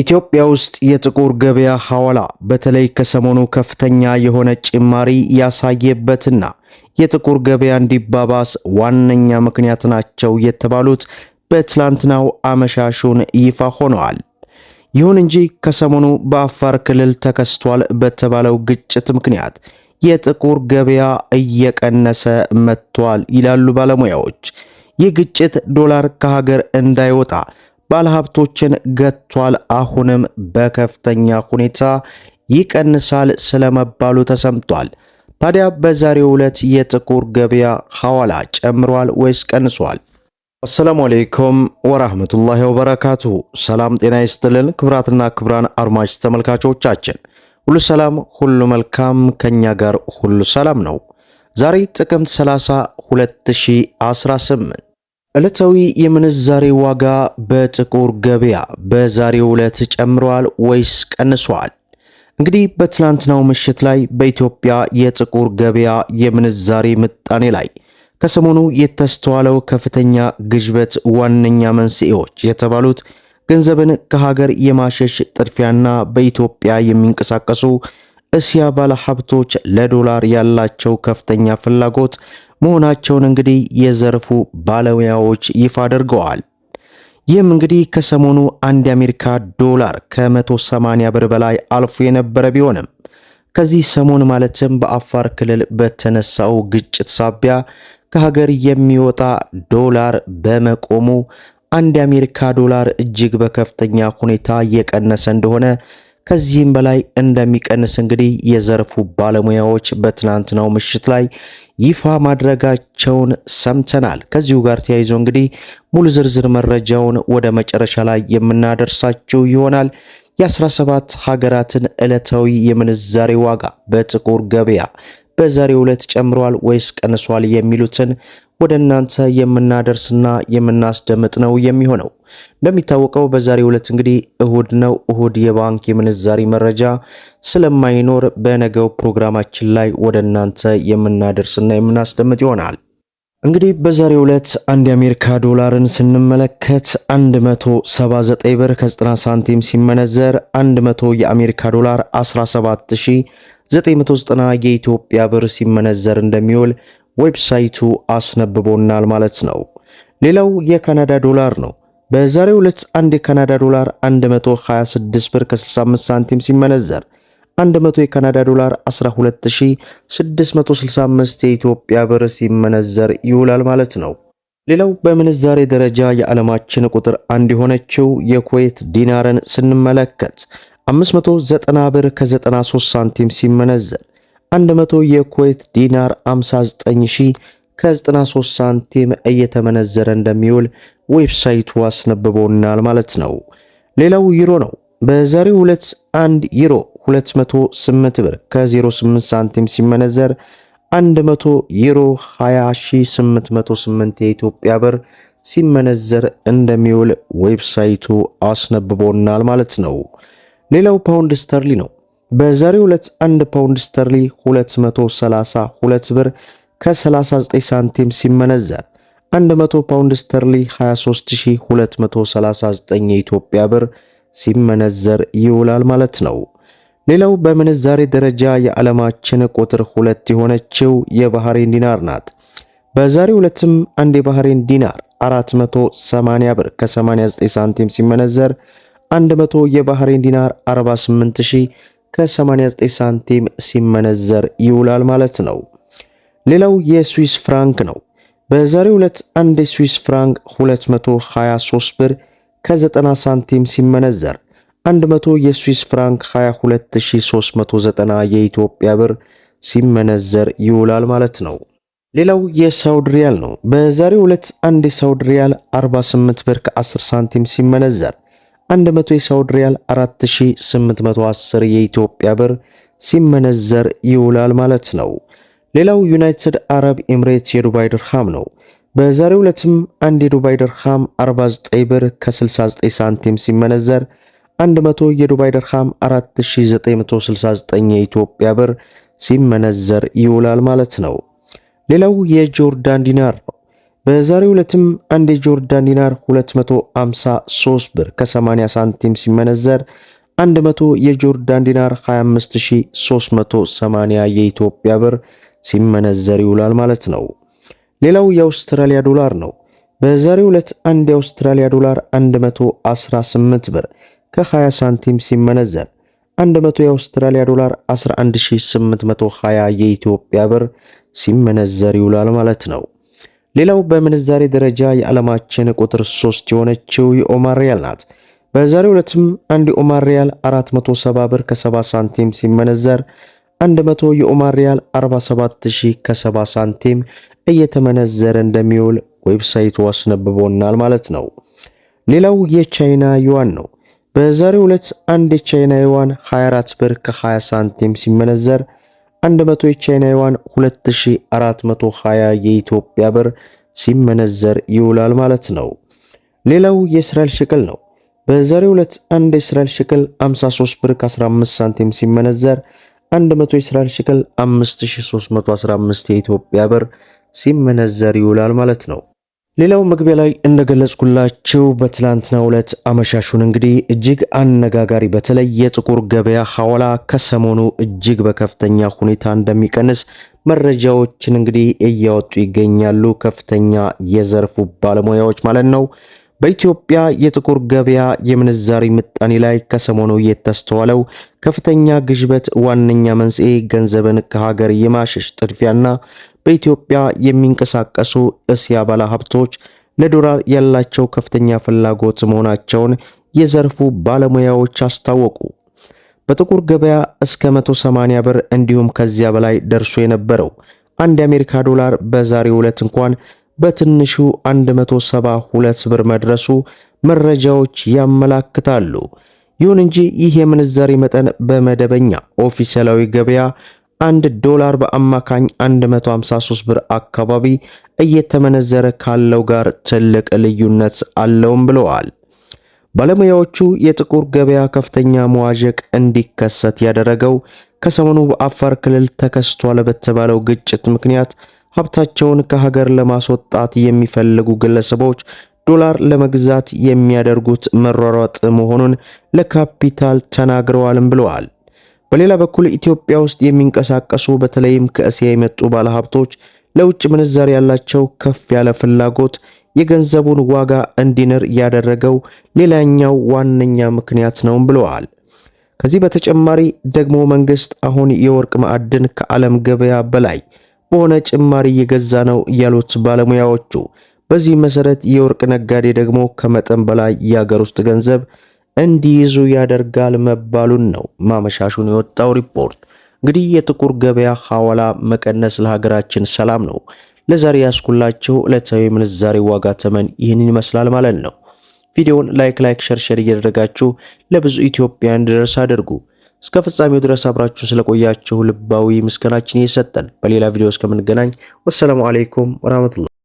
ኢትዮጵያ ውስጥ የጥቁር ገበያ ሐዋላ በተለይ ከሰሞኑ ከፍተኛ የሆነ ጭማሪ ያሳየበትና የጥቁር ገበያ እንዲባባስ ዋነኛ ምክንያት ናቸው የተባሉት በትላንትናው አመሻሹን ይፋ ሆነዋል። ይሁን እንጂ ከሰሞኑ በአፋር ክልል ተከስቷል በተባለው ግጭት ምክንያት የጥቁር ገበያ እየቀነሰ መጥቷል ይላሉ ባለሙያዎች። ይህ ግጭት ዶላር ከሀገር እንዳይወጣ ባለሀብቶችን ገጥቷል። አሁንም በከፍተኛ ሁኔታ ይቀንሳል ስለመባሉ ተሰምቷል። ታዲያ በዛሬው ዕለት የጥቁር ገበያ ሐዋላ ጨምሯል ወይስ ቀንሷል? አሰላሙ አሌይኩም ወራህመቱላሂ ወበረካቱሁ። ሰላም ጤና ይስጥልን ክብራትና ክብራን አድማጭ ተመልካቾቻችን ሁሉ ሰላም ሁሉ መልካም፣ ከኛ ጋር ሁሉ ሰላም ነው። ዛሬ ጥቅምት 30 2018 ዕለታዊ የምንዛሬ ዋጋ በጥቁር ገበያ በዛሬው ዕለት ጨምሯል ወይስ ቀንሷል? እንግዲህ በትላንትናው ምሽት ላይ በኢትዮጵያ የጥቁር ገበያ የምንዛሬ ምጣኔ ላይ ከሰሞኑ የተስተዋለው ከፍተኛ ግሽበት ዋነኛ መንስኤዎች የተባሉት ገንዘብን ከሀገር የማሸሽ ጥድፊያና በኢትዮጵያ የሚንቀሳቀሱ እስያ ባለሀብቶች ለዶላር ያላቸው ከፍተኛ ፍላጎት መሆናቸውን እንግዲህ የዘርፉ ባለሙያዎች ይፋ አድርገዋል። ይህም እንግዲህ ከሰሞኑ አንድ የአሜሪካ ዶላር ከ180 ብር በላይ አልፎ የነበረ ቢሆንም ከዚህ ሰሞን ማለትም በአፋር ክልል በተነሳው ግጭት ሳቢያ ከሀገር የሚወጣ ዶላር በመቆሙ አንድ የአሜሪካ ዶላር እጅግ በከፍተኛ ሁኔታ እየቀነሰ እንደሆነ ከዚህም በላይ እንደሚቀንስ እንግዲህ የዘርፉ ባለሙያዎች በትናንትናው ምሽት ላይ ይፋ ማድረጋቸውን ሰምተናል። ከዚሁ ጋር ተያይዞ እንግዲህ ሙሉ ዝርዝር መረጃውን ወደ መጨረሻ ላይ የምናደርሳችሁ ይሆናል። የ17 ሀገራትን ዕለታዊ የምንዛሬ ዋጋ በጥቁር ገበያ በዛሬው ዕለት ጨምሯል ወይስ ቀንሷል የሚሉትን ወደ እናንተ የምናደርስና የምናስደምጥ ነው የሚሆነው። እንደሚታወቀው በዛሬው ዕለት እንግዲህ እሁድ ነው። እሁድ የባንክ የምንዛሪ መረጃ ስለማይኖር በነገው ፕሮግራማችን ላይ ወደ እናንተ የምናደርስና የምናስደምጥ ይሆናል። እንግዲህ በዛሬው ዕለት አንድ የአሜሪካ ዶላርን ስንመለከት 179 ብር ከ90 ሳንቲም ሲመነዘር 100 የአሜሪካ ዶላር 17990 የኢትዮጵያ ብር ሲመነዘር እንደሚውል ዌብሳይቱ አስነብቦናል ማለት ነው። ሌላው የካናዳ ዶላር ነው። በዛሬው ዕለት አንድ የካናዳ ዶላር 126 ብር ከ65 ሳንቲም ሲመነዘር 100 የካናዳ ዶላር 12665 የኢትዮጵያ ብር ሲመነዘር ይውላል ማለት ነው። ሌላው በምንዛሬ ደረጃ የዓለማችን ቁጥር አንድ የሆነችው የኩዌት ዲናርን ስንመለከት 590 ብር ከ93 ሳንቲም ሲመነዘር 100 የኩዌት ዲናር 59 ከ93 ሳንቲም እየተመነዘረ እንደሚውል ዌብሳይቱ አስነብቦናል ማለት ነው። ሌላው ዩሮ ነው። በዛሬው ዕለት 1 ዩሮ 208 ብር ከ08 ሳንቲም ሲመነዘር 100 ዩሮ 20808 የኢትዮጵያ ብር ሲመነዘር እንደሚውል ዌብሳይቱ አስነብቦናል ማለት ነው። ሌላው ፓውንድ ስተርሊ ነው። በዛሬው ዕለት 1 ፓውንድ ስተርሊ 232 ብር ከ39 ሳንቲም ሲመነዘር 100 ፓውንድ ስተርሊ 23239 የኢትዮጵያ ብር ሲመነዘር ይውላል ማለት ነው። ሌላው በምንዛሬ ደረጃ የዓለማችን ቁጥር ሁለት የሆነችው የባህሬን ዲናር ናት። በዛሬው ዕለትም አንድ የባህሬን ዲናር 480 ብር ከ89 ሳንቲም ሲመነዘር 100 የባህሬን ዲናር 48000 ከ89 ሳንቲም ሲመነዘር ይውላል ማለት ነው። ሌላው የስዊስ ፍራንክ ነው። በዛሬው ዕለት አንድ የስዊስ ፍራንክ 223 ብር ከ90 ሳንቲም ሲመነዘር 100 የስዊስ ፍራንክ 22390 የኢትዮጵያ ብር ሲመነዘር ይውላል ማለት ነው። ሌላው የሳውድ ሪያል ነው። በዛሬው ዕለት አንድ የሳውዲ ሪያል 48 ብር ከ10 ሳንቲም ሲመነዘር 100 የሳውድ ሪያል 4810 የኢትዮጵያ ብር ሲመነዘር ይውላል ማለት ነው። ሌላው ዩናይትድ አረብ ኤምሬትስ የዱባይ ድርሃም ነው። በዛሬው ዕለትም አንድ የዱባይ ድርሃም 49 ብር ከ69 ሳንቲም ሲመነዘር 100 የዱባይ ድርሃም 4969 የኢትዮጵያ ብር ሲመነዘር ይውላል ማለት ነው። ሌላው የጆርዳን ዲናር ነው። በዛሬው ዕለትም አንድ የጆርዳን ዲናር 253 ብር ከ80 ሳንቲም ሲመነዘር 100 የጆርዳን ዲናር 25380 የኢትዮጵያ ብር ሲመነዘር ይውላል ማለት ነው። ሌላው የአውስትራሊያ ዶላር ነው። በዛሬው ዕለት አንድ የአውስትራሊያ ዶላር 118 ብር ከ20 ሳንቲም ሲመነዘር 100 የአውስትራሊያ ዶላር 11820 የኢትዮጵያ ብር ሲመነዘር ይውላል ማለት ነው። ሌላው በምንዛሬ ደረጃ የዓለማችን ቁጥር 3 የሆነችው የኦማር ሪያል ናት። በዛሬው ዕለትም አንድ የኦማር ሪያል 470 ብር ከ70 ሳንቲም ሲመነዘር 100 የኦማን ሪያል 47000 ከ70 ሳንቲም እየተመነዘረ እንደሚውል ዌብሳይቱ አስነብቦናል ማለት ነው። ሌላው የቻይና ዩዋን ነው። በዛሬ ሁለት አንድ የቻይና ዩዋን 24 ብር ከ20 ሳንቲም ሲመነዘር 100 የቻይና ዩዋን 2420 የኢትዮጵያ ብር ሲመነዘር ይውላል ማለት ነው። ሌላው የእስራኤል ሽቅል ነው። በዛሬ ሁለት አንድ የእስራኤል ሽቅል 53 ብር ከ15 ሳንቲም ሲመነዘር 100 የኢስራኤል ሽክል 5315 የኢትዮጵያ ብር ሲመነዘር ይውላል ማለት ነው። ሌላው መግቢያ ላይ እንደገለጽኩላችሁ በትላንትና ዕለት አመሻሹን እንግዲህ እጅግ አነጋጋሪ በተለይ የጥቁር ገበያ ሐዋላ ከሰሞኑ እጅግ በከፍተኛ ሁኔታ እንደሚቀንስ መረጃዎችን እንግዲህ እያወጡ ይገኛሉ። ከፍተኛ የዘርፉ ባለሙያዎች ማለት ነው። በኢትዮጵያ የጥቁር ገበያ የምንዛሪ ምጣኔ ላይ ከሰሞኑ የተስተዋለው ከፍተኛ ግሽበት ዋነኛ መንስኤ ገንዘብን ከሀገር የማሸሽ ጥድፊያና በኢትዮጵያ የሚንቀሳቀሱ እስያ ባለ ሀብቶች ለዶላር ያላቸው ከፍተኛ ፍላጎት መሆናቸውን የዘርፉ ባለሙያዎች አስታወቁ። በጥቁር ገበያ እስከ 180 ብር እንዲሁም ከዚያ በላይ ደርሶ የነበረው አንድ የአሜሪካ ዶላር በዛሬው ዕለት እንኳን በትንሹ 172 ብር መድረሱ መረጃዎች ያመላክታሉ። ይሁን እንጂ ይህ የምንዛሬ መጠን በመደበኛ ኦፊሴላዊ ገበያ 1 ዶላር በአማካኝ 153 ብር አካባቢ እየተመነዘረ ካለው ጋር ትልቅ ልዩነት አለውም ብለዋል። ባለሙያዎቹ የጥቁር ገበያ ከፍተኛ መዋዠቅ እንዲከሰት ያደረገው ከሰሞኑ በአፋር ክልል ተከስቷል በተባለው ግጭት ምክንያት ሀብታቸውን ከሀገር ለማስወጣት የሚፈልጉ ግለሰቦች ዶላር ለመግዛት የሚያደርጉት መሯሯጥ መሆኑን ለካፒታል ተናግረዋልም ብለዋል። በሌላ በኩል ኢትዮጵያ ውስጥ የሚንቀሳቀሱ በተለይም ከእስያ የመጡ ባለሀብቶች ለውጭ ምንዛሪ ያላቸው ከፍ ያለ ፍላጎት የገንዘቡን ዋጋ እንዲንር ያደረገው ሌላኛው ዋነኛ ምክንያት ነውም ብለዋል። ከዚህ በተጨማሪ ደግሞ መንግስት አሁን የወርቅ ማዕድን ከዓለም ገበያ በላይ በሆነ ጭማሪ እየገዛ ነው ያሉት ባለሙያዎቹ። በዚህ መሰረት የወርቅ ነጋዴ ደግሞ ከመጠን በላይ የአገር ውስጥ ገንዘብ እንዲይዙ ያደርጋል መባሉን ነው ማመሻሹን የወጣው ሪፖርት። እንግዲህ የጥቁር ገበያ ሐዋላ መቀነስ ለሀገራችን ሰላም ነው። ለዛሬ ያስኩላችሁ ዕለታዊ ምንዛሬ ዋጋ ተመን ይህንን ይመስላል ማለት ነው። ቪዲዮውን ላይክ ላይክ ሸርሸር እያደረጋችሁ ለብዙ ኢትዮጵያን እንዲደርስ አድርጉ። እስከ ፍጻሜው ድረስ አብራችሁ ስለቆያችሁ ልባዊ ምስጋናችን እየሰጠን በሌላ ቪዲዮ እስከምንገናኝ ወሰላሙ አሌይኩም ወራህመቱላህ